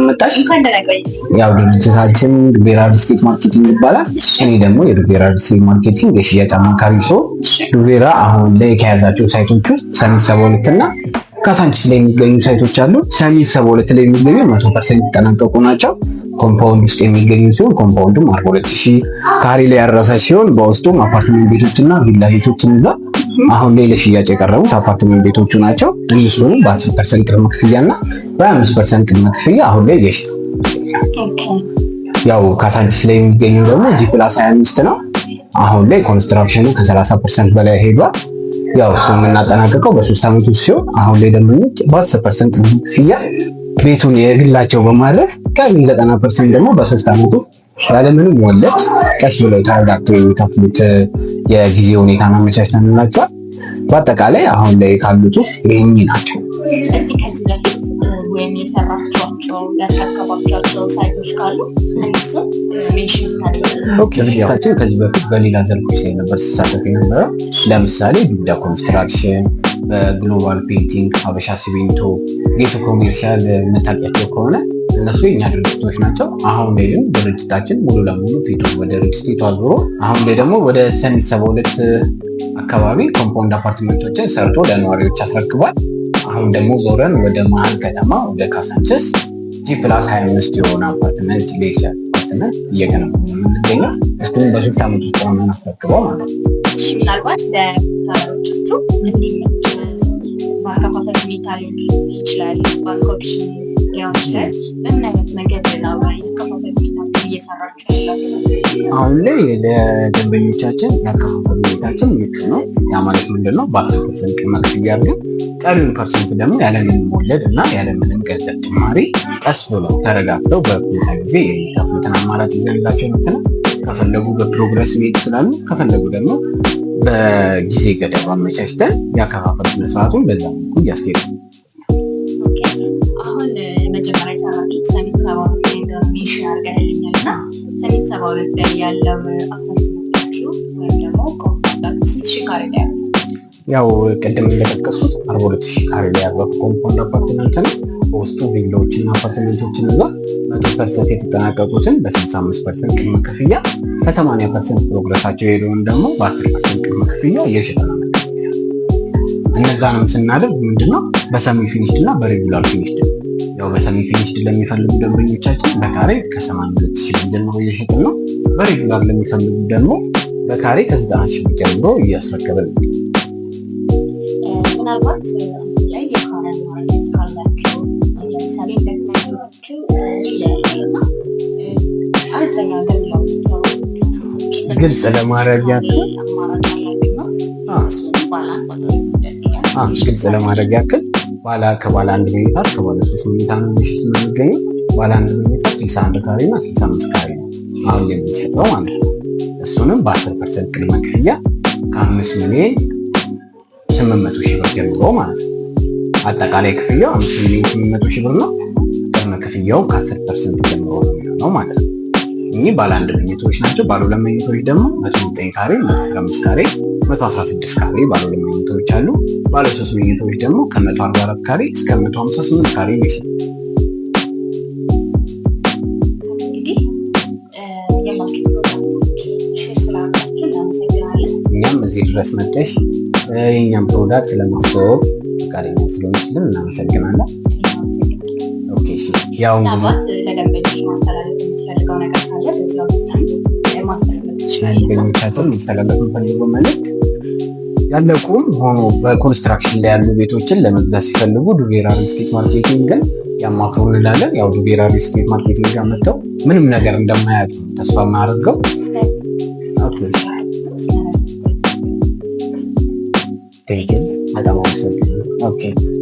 እንኳን መጣሽ። ያው ድርጅታችን ዱቤራ ሪልስቴት ማርኬቲንግ ይባላል። እኔ ደግሞ የዱቤራ ሪልስቴት ማርኬቲንግ የሽያጭ አማካሪ ሰው። ዱቤራ አሁን ላይ ከያዛቸው ሳይቶች ውስጥ ሰሚት ሰባ ሁለት እና ካሳንቺስ ላይ የሚገኙ ሳይቶች አሉ። ሰሚት ሰባ ሁለት ላይ የሚገኙ መቶ ፐርሰንት የተጠናቀቁ ናቸው። ኮምፓውንድ ውስጥ የሚገኙ ሲሆን ኮምፓውንዱም አርባ ሁለት ሺህ ካሬ ላይ ያረሰ ሲሆን በውስጡም አፓርትመንት ቤቶችና ቪላ ቤቶችን ይዟል። አሁን ላይ ለሽያጭ የቀረቡት አፓርትመንት ቤቶቹ ናቸው። በ 10 ፐርሰንት ቅድመ ክፍያ እና በ5 ፐርሰንት ቅድመ ክፍያ አሁን ላይ የሽ ያው ካሳንቺስ ላይ የሚገኙ ደግሞ ጂ ፕላስ 25 ነው። አሁን ላይ ኮንስትራክሽኑ ከ30 ፐርሰንት በላይ ሄዷል። ያው እሱ የምናጠናቀቀው በሶስት ዓመት ውስጥ ሲሆን አሁን ላይ ደንበኞች በአስር ፐርሰንት ቅድመ ክፍያ ቤቱን የግላቸው በማድረግ ቀሪውን ዘጠና ፐርሰንት ደግሞ በሶስት ዓመቱ ያለምንም ወለድ ቀስ ብለው ተረጋግተው የሚከፍሉት የጊዜ ሁኔታ ማመቻችተንላቸዋል። በአጠቃላይ አሁን ላይ ካሉት ውስጥ ይህኝ ናቸው። ወይም ከዚህ በፊት በሌላ ዘርፎች ላይ ነበር ሲሳተፍ የነበረው። ለምሳሌ ዱዳ ኮንስትራክሽን፣ በግሎባል ፔንቲንግ፣ አበሻ ሲሚንቶ፣ ጌቶ ኮሜርሻል የምታውቂያቸው ከሆነ እነሱ የኛ ድርጅቶች ናቸው። አሁን ላይ ግን ድርጅታችን ሙሉ ለሙሉ ፊቱ ወደ ሪል ስቴቱ አዙሮ አሁን ላይ ደግሞ ወደ ሰሚት ሰባ ሁለት አካባቢ ኮምፓውንድ አፓርትመንቶችን ሰርቶ ለነዋሪዎች አስረክቧል። አሁን ደግሞ ዞረን ወደ መሀል ከተማ ወደ ካሳንችስ ጂ ፕላስ 25 የሆነ አፓርትመንት ሌሻ አፓርትመንት እየገነባ የምንገኘው እሱም በሶስት ዓመት ውስጥ ነው አስረክበው ማለት ነው። ምናልባት ለታሪዎቹ እንዲመች ማከፋፈል ሁኔታ ሊሆን ይችላል ባንኮች ሊሆን ይችላል አሁን ላይ ለደንበኞቻችን የአከፋፈል ሁኔታችን ምቹ ነው። ያ ማለት ምንድን ነው? በአስር ፐርሰንት ቅመት እያደረግን ቀሪውን ፐርሰንት ደግሞ ያለምንም ወለድ እና ያለምንም ገንዘብ ጭማሪ ቀስ ብለው ተረጋግተው በኩታ ጊዜ የሚከፍሉትን አማራጭ ይዘንላቸው ምትነ ከፈለጉ በፕሮግረስ መሄድ ይችላሉ። ከፈለጉ ደግሞ በጊዜ ገደብ አመቻችተን የአከፋፈል ስነስርዓቱን በዛ መልኩ እያስኬድ ሜንሽ አድርገህልኛል እና ሰሌት ሰባ ሁለት ላይ ያለው አፓርትመንት ያለው ወይም ደግሞ ኮምፓውንዳችሁ ስንት ሺ ካሬ ላይ ያለው? ያው ቅድም እንደጠቀሱት አርባ ሁለት ሺ ካሬ ላይ ያለው ኮምፓውንድ አፓርትመንት ነው። በውስጡ ቪላዎችና አፓርትመንቶችን እና መቶ ፐርሰንት የተጠናቀቁትን በስልሳ አምስት ፐርሰንት ቅድመ ክፍያ ከሰማንያ ፐርሰንት ፕሮግረሳቸው የሄደውን ደግሞ በአስር ፐርሰንት ቅድመ ክፍያ እየሸጠና እነዛንም ስናደርግ ምንድነው በሰሚ ፊኒሽድ እና በሬጉላር ፊኒሽድ ነው ያው በሰሚ ፊኒሽድ ለሚፈልጉ ደንበኞቻችን በካሬ ከ82 ጀምሮ እየሸጥ ነው። በሬጉላር ለሚፈልጉ ደግሞ በካሬ ከ90 ሺህ ጀምሮ እያስረከበ ነው። ግልጽ ለማድረግ ያክል ግልጽ ለማድረግ ያክል ባላ ከባለ አንድ መኝታ ከባለ ሶስት መኝታ ነው ምሽት የምንገኘው። ባለ አንድ መኝታ ስልሳ አንድ ካሬ እና ስልሳ አምስት ካሬ ነው አሁን የሚሰጠው ማለት ነው። እሱንም በአስር ፐርሰንት ቅድመ ክፍያ ከአምስት ሚሊዮን ስምንት መቶ ሺህ ብር ጀምሮ ማለት ነው። አጠቃላይ ክፍያው አምስት ሚሊዮን ስምንት መቶ ሺህ ብር ነው። ቅድመ ክፍያው ከአስር ፐርሰንት ጀምሮ ነው የሚሆነው ማለት ነው። እኚህ ባለ አንድ መኝታዎች ናቸው። ባለ ሁለት መኝታዎች ደግሞ መቶ ዘጠኝ ካሬ፣ መቶ አስራ አምስት ካሬ፣ መቶ አስራ ስድስት ካሬ ባለ ሁለት መኝታዎች አሉ። ባለሶስት መኝታዎች ደግሞ ከ144 ካሬ እስከ 158 ካሬ ይመስላል። እኛም እዚህ ድረስ መጠሽ የእኛም ፕሮዳክት ለማስተዋወቅ ፈቃደኛ ስለሆንችልን እናመሰግናለን። ያው ለደንበኞች ማስተላለፍ የምፈልገው መልዕክት ያለቁም ሆኖ በኮንስትራክሽን ላይ ያሉ ቤቶችን ለመግዛት ሲፈልጉ ዱቤራ ሪልስቴት ማርኬቲንግን ያማክሩ እንላለን። ያው ዱቤራ ሪልስቴት ማርኬቲንግ ጋር መጥተው ምንም ነገር እንደማያጡ ተስፋ የማያደርገው በጣም